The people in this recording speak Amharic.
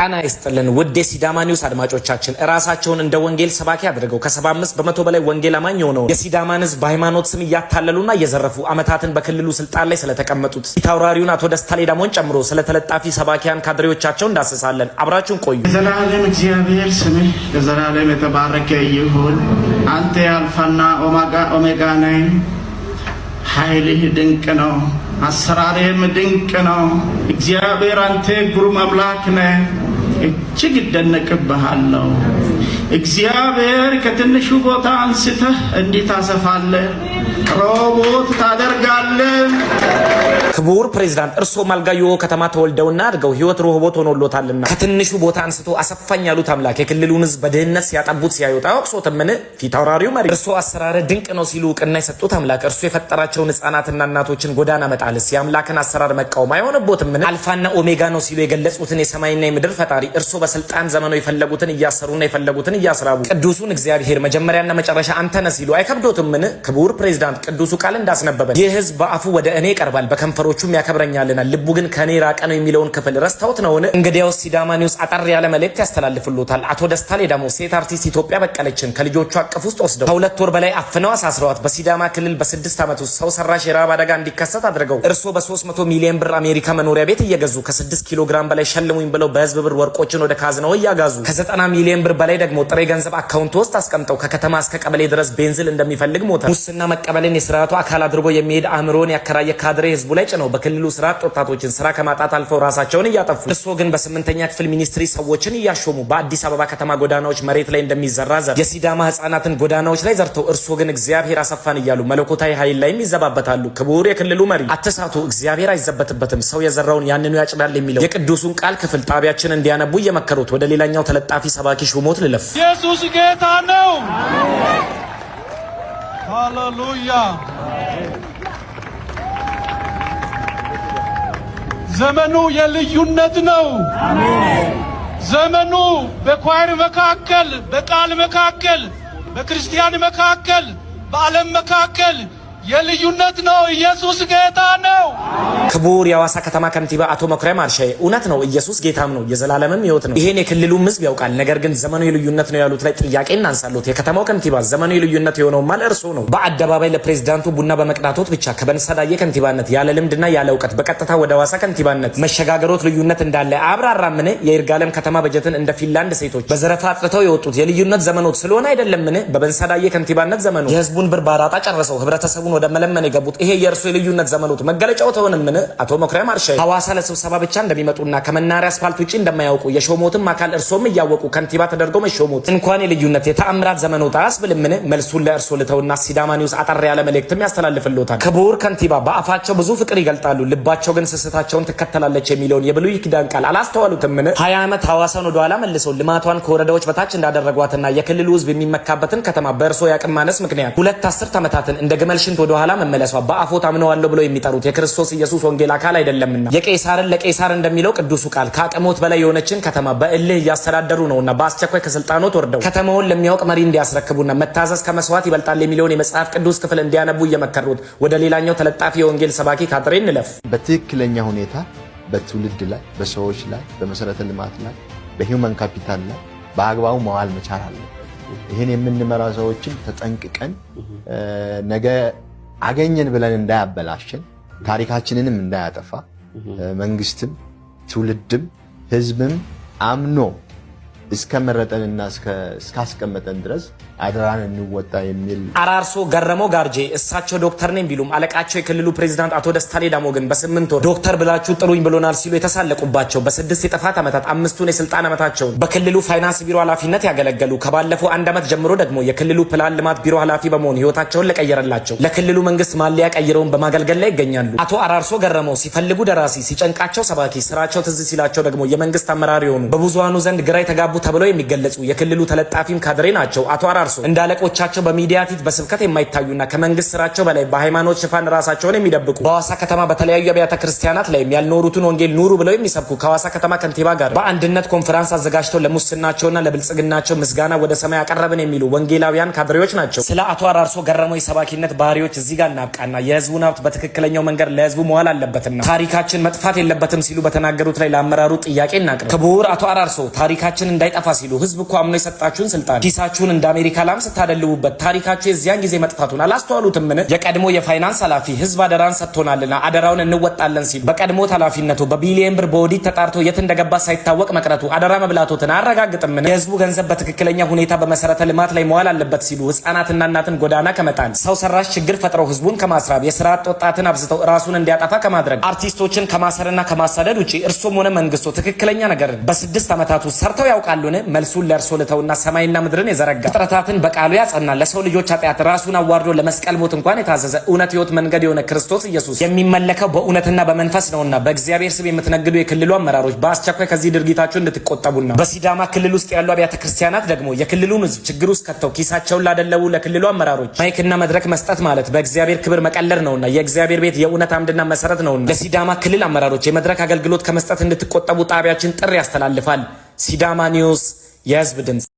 ጤና ይስጥልን ውድ የሲዳማ ኒውስ አድማጮቻችን እራሳቸውን እንደ ወንጌል ሰባኪ አድርገው ከ75 በመቶ በላይ ወንጌል አማኝ የሆነውን የሲዳማን ሕዝብ በሃይማኖት ስም እያታለሉና እየዘረፉ ዓመታትን በክልሉ ስልጣን ላይ ስለተቀመጡት ፊት አቶ ደስታ ሌዳሞን ጨምሮ ስለ ተለጣፊ ሰባኪያን ካድሬዎቻቸው እንዳስሳለን። አብራችሁን ቆዩ። የዘላለም እግዚአብሔር ስምህ የዘላለም የተባረከ ይሁን። አንተ አልፋና ኦሜጋ ነህ ኃይልህ ድንቅ ነው፣ አሰራርህም ድንቅ ነው። እግዚአብሔር አንተ ግሩም አምላክ ነህ፣ እጅግ እደነቅብሃለሁ። እግዚአብሔር ከትንሹ ቦታ አንስተህ እንዲህ ሮቦት ታደርጋለህ። ክቡር ፕሬዚዳንት እርስዎ ማልጋዩ ከተማ ተወልደውና አድገው ህይወት ሮቦት ሆኖሎታልና ከትንሹ ቦታ አንስቶ አሰፋኝ ያሉት አምላክ የክልሉን ህዝብ በድህነት ሲያጠቡት ሲያዩት አወቅሶትምን ፊት መሪ እርስዎ አሰራረ ድንቅ ነው ሲሉ እውቅና የሰጡት አምላክ እርሱ የፈጠራቸውን ህጻናትና እናቶችን ጎዳና መጣልስ የአምላክን አሰራር መቃወም አይሆንቦትምን? አልፋና ኦሜጋ ነው ሲሉ የገለጹትን የሰማይና የምድር ፈጣሪ እርስዎ በስልጣን ዘመኑ የፈለጉትን እያሰሩና የፈለጉትን እያስራቡ ቅዱሱን እግዚአብሔር መጀመሪያና መጨረሻ አንተ ነህ ሲሉ አይከብዶትም? ምን ክቡር ፕሬዚዳንት ቅዱሱ ቃል እንዳስነበበ ይህ ህዝብ በአፉ ወደ እኔ ይቀርባል፣ በከንፈሮቹም ያከብረኛልናል፣ ልቡ ግን ከእኔ ራቀ ነው የሚለውን ክፍል ረስተውት ነውን? እንግዲያውስ ሲዳማ ኒውስ አጠር ያለ መልእክት ያስተላልፍሉታል። አቶ ደስታ ሌዳሞ ሴት አርቲስት ኢትዮጵያ በቀለችን ከልጆቹ አቅፍ ውስጥ ወስደው ከሁለት ወር በላይ አፍነው አሳስረዋት በሲዳማ ክልል በስድስት ዓመት ውስጥ ሰው ሰራሽ የረሃብ አደጋ እንዲከሰት አድርገው እርስዎ በ300 ሚሊዮን ብር አሜሪካ መኖሪያ ቤት እየገዙ ከ6 ኪሎ ግራም በላይ ሸልሙኝ ብለው በህዝብ ብር ወርቆችን ወደ ካዝነው እያጋዙ ከ90 ሚሊዮን ብር በላይ ደግሞ ጥሬ ገንዘብ አካውንት ውስጥ አስቀምጠው ከከተማ እስከ ቀበሌ ድረስ ቤንዝል እንደሚፈልግ ሞተ። ሙስና መቀበልን የስርዓቱ አካል አድርጎ የሚሄድ አእምሮን ያከራየ ካድሬ ህዝቡ ላይ ጭነው በክልሉ ስርዓት ወጣቶችን ስራ ከማጣት አልፈው ራሳቸውን እያጠፉ እርሶ ግን በስምንተኛ ክፍል ሚኒስትሪ ሰዎችን እያሾሙ በአዲስ አበባ ከተማ ጎዳናዎች መሬት ላይ እንደሚዘራ ዘር የሲዳማ ህጻናትን ጎዳናዎች ላይ ዘርተው እርሶ ግን እግዚአብሔር አሰፋን እያሉ መለኮታዊ ኃይል ላይም ይዘባበታሉ። ክቡር የክልሉ መሪ አትሳቱ፣ እግዚአብሔር አይዘበትበትም፣ ሰው የዘራውን ያንኑ ያጭዳል የሚለው የቅዱሱን ቃል ክፍል ጣቢያችን እንዲያነቡ እየመከሩት ወደ ሌላኛው ተለጣፊ ሰባኪ ሹሞት ልለፍ። ጌታ ነው። ሃሌሉያ። ዘመኑ የልዩነት ነው። ዘመኑ በኳይር መካከል፣ በቃል መካከል፣ በክርስቲያን መካከል፣ በዓለም መካከል የልዩነት ነው። ኢየሱስ ጌታ ነው። ክቡር የሐዋሳ ከተማ ከንቲባ አቶ መኩሪያ ማርሻ እውነት ነው፣ ኢየሱስ ጌታም ነው፣ የዘላለምም ህይወት ነው። ይሄን የክልሉም ህዝብ ያውቃል። ነገር ግን ዘመኑ የልዩነት ነው ያሉት ላይ ጥያቄ እናንሳሉት። የከተማው ከንቲባ ዘመኑ የልዩነት የሆነው ማል እርሶ ነው። በአደባባይ ለፕሬዚዳንቱ ቡና በመቅዳቶት ብቻ ከበንሳዳየ ከንቲባነት ያለ ልምድና ያለ እውቀት በቀጥታ ወደ አዋሳ ከንቲባነት መሸጋገሮት ልዩነት እንዳለ አብራራ ምን? የይርጋለም ከተማ በጀትን እንደ ፊንላንድ ሴቶች በዘረፋ አጥፍተው የወጡት የልዩነት ዘመኖት ስለሆነ አይደለም ምን? በበንሳዳየ ከንቲባነት ዘመኑ የህዝቡን ብር በአራጣ ጨረሰው ህብረተሰቡን ወደ መለመን የገቡት ይሄ የእርሱ የልዩነት ዘመኖት መገለጫው ምን አቶ መኩሪያ ማርሻ ሐዋሳ ለስብሰባ ብቻ እንደሚመጡና ከመናሪያ አስፋልት ውጭ እንደማያውቁ የሾሞትም አካል እርሶም እያወቁ ከንቲባ ተደርገው መሾሙት እንኳን የልዩነት የተአምራት አያስብልም ምን መልሱን ለእርሶ ልተውና ሲዳማ ኒውስ አጠር ያለ መልእክትም ያስተላልፍልዎታል። ክቡር ከንቲባ በአፋቸው ብዙ ፍቅር ይገልጣሉ፣ ልባቸው ግን ስስታቸውን ትከተላለች የሚለውን የብሉይ ኪዳን ቃል ምን ሀያ ዓመት ሐዋሳን ወደኋላ መልሰው ልማቷን ከወረዳዎች በታች እንዳደረጓትና የክልሉ ህዝብ የሚመካበትን ከተማ በእርሶ የአቅም ማነስ ምክንያት ሁለት አስርት ዓመታትን እንደ ግመል ሽንት ከሽንት ወደ ኋላ መመለሷ በአፎት አምነዋለሁ ብለው የሚጠሩት የክርስቶስ ኢየሱስ ወንጌል አካል አይደለምና የቄሳርን ለቄሳር እንደሚለው ቅዱሱ ቃል ከአቅሞት በላይ የሆነችን ከተማ በእልህ እያስተዳደሩ ነውና በአስቸኳይ ከስልጣኖት ወርደው ከተማውን ለሚያውቅ መሪ እንዲያስረክቡና መታዘዝ ከመስዋዕት ይበልጣል የሚለውን የመጽሐፍ ቅዱስ ክፍል እንዲያነቡ እየመከሩት ወደ ሌላኛው ተለጣፊ የወንጌል ሰባኪ ካጥሬ እንለፍ። በትክክለኛ ሁኔታ በትውልድ ላይ፣ በሰዎች ላይ፣ በመሰረተ ልማት ላይ፣ በሂውመን ካፒታል ላይ በአግባቡ መዋል መቻል አለ። ይህን የምንመራ ሰዎችን ተጠንቅቀን ነገ አገኘን ብለን እንዳያበላሽን ታሪካችንንም እንዳያጠፋ መንግስትም ትውልድም ህዝብም አምኖ እስከመረጠንና እስካስቀመጠን ድረስ አደራን እንወጣ የሚል አራርሶ ገረመው ጋርጄ እሳቸው ዶክተር ነኝ ቢሉም አለቃቸው የክልሉ ፕሬዚዳንት አቶ ደስታ ሌዳሞ ግን በስምንት ወር ዶክተር ብላችሁ ጥሩኝ ብሎናል ሲሉ የተሳለቁባቸው በስድስት የጥፋት ዓመታት አምስቱን የስልጣን ዓመታቸውን በክልሉ ፋይናንስ ቢሮ ኃላፊነት ያገለገሉ ከባለፈው አንድ ዓመት ጀምሮ ደግሞ የክልሉ ፕላን ልማት ቢሮ ኃላፊ በመሆን ህይወታቸውን ለቀየረላቸው ለክልሉ መንግስት ማሊያ ቀይረውን በማገልገል ላይ ይገኛሉ። አቶ አራርሶ ገረመው ሲፈልጉ ደራሲ፣ ሲጨንቃቸው ሰባኪ፣ ስራቸው ትዝ ሲላቸው ደግሞ የመንግስት አመራር የሆኑ በብዙሃኑ ዘንድ ግራ የተጋቡ ተብለው የሚገለጹ የክልሉ ተለጣፊም ካድሬ ናቸው። አቶ አራርሶ አርሶ እንደ አለቆቻቸው በሚዲያ ፊት በስብከት የማይታዩና ከመንግስት ስራቸው በላይ በሃይማኖት ሽፋን ራሳቸውን የሚደብቁ በሐዋሳ ከተማ በተለያዩ አብያተ ክርስቲያናት ላይም ያልኖሩትን ወንጌል ኑሩ ብለው የሚሰብኩ ከሐዋሳ ከተማ ከንቲባ ጋር በአንድነት ኮንፈረንስ አዘጋጅተው ለሙስናቸውና ለብልጽግናቸው ምስጋና ወደ ሰማይ አቀረብን የሚሉ ወንጌላውያን ካድሬዎች ናቸው። ስለ አቶ አራርሶ ገረመው የሰባኪነት ባህሪዎች እዚህ ጋር እናብቃና የህዝቡን ሀብት በትክክለኛው መንገድ ለህዝቡ መዋል አለበትና ታሪካችን መጥፋት የለበትም ሲሉ በተናገሩት ላይ ለአመራሩ ጥያቄ እናቅርብ። ክቡር አቶ አራርሶ ታሪካችን እንዳይጠፋ ሲሉ ህዝብ እኮ አምኖ የሰጣችሁን ስልጣን ኪሳችሁን እንደ አሜሪካ ከላም ስታደልቡበት ታሪካችሁ የዚያን ጊዜ መጥፋቱን አላስተዋሉትም? ምን የቀድሞ የፋይናንስ ኃላፊ ህዝብ አደራን ሰጥቶናልና አደራውን እንወጣለን ሲል በቀድሞ ኃላፊነቱ በቢሊየን ብር በኦዲት ተጣርቶ የት እንደገባ ሳይታወቅ መቅረቱ አደራ መብላቶትን አያረጋግጥም? ምን የህዝቡ ገንዘብ በትክክለኛ ሁኔታ በመሰረተ ልማት ላይ መዋል አለበት ሲሉ ህጻናትና እናትን ጎዳና ከመጣን ሰው ሰራሽ ችግር ፈጥረው ህዝቡን ከማስራብ የስራ አጥ ወጣትን አብዝተው ራሱን እንዲያጠፋ ከማድረግ አርቲስቶችን ከማሰርና ከማሳደድ ውጭ እርሶም ሆነ መንግስቶ ትክክለኛ ነገር በስድስት ዓመታት ውስጥ ሰርተው ያውቃሉን? መልሱን ለእርሶ ልተውና ሰማይና ምድርን የዘረጋ ፍጥረታት ኃጢአትን በቃሉ ያጸና ለሰው ልጆች ኃጢአት ራሱን አዋርዶ ለመስቀል ሞት እንኳን የታዘዘ እውነት፣ ህይወት፣ መንገድ የሆነ ክርስቶስ ኢየሱስ የሚመለከው በእውነትና በመንፈስ ነውና በእግዚአብሔር ስም የምትነግዱ የክልሉ አመራሮች በአስቸኳይ ከዚህ ድርጊታችሁ እንድትቆጠቡና በሲዳማ ክልል ውስጥ ያሉ አብያተ ክርስቲያናት ደግሞ የክልሉን ህዝብ ችግር ውስጥ ከተው ኪሳቸውን ላደለቡ ለክልሉ አመራሮች ማይክና መድረክ መስጠት ማለት በእግዚአብሔር ክብር መቀለር ነውና የእግዚአብሔር ቤት የእውነት አምድና መሰረት ነውና ለሲዳማ ክልል አመራሮች የመድረክ አገልግሎት ከመስጠት እንድትቆጠቡ ጣቢያችን ጥሪ ያስተላልፋል። ሲዳማ ኒውስ የህዝብ ድምፅ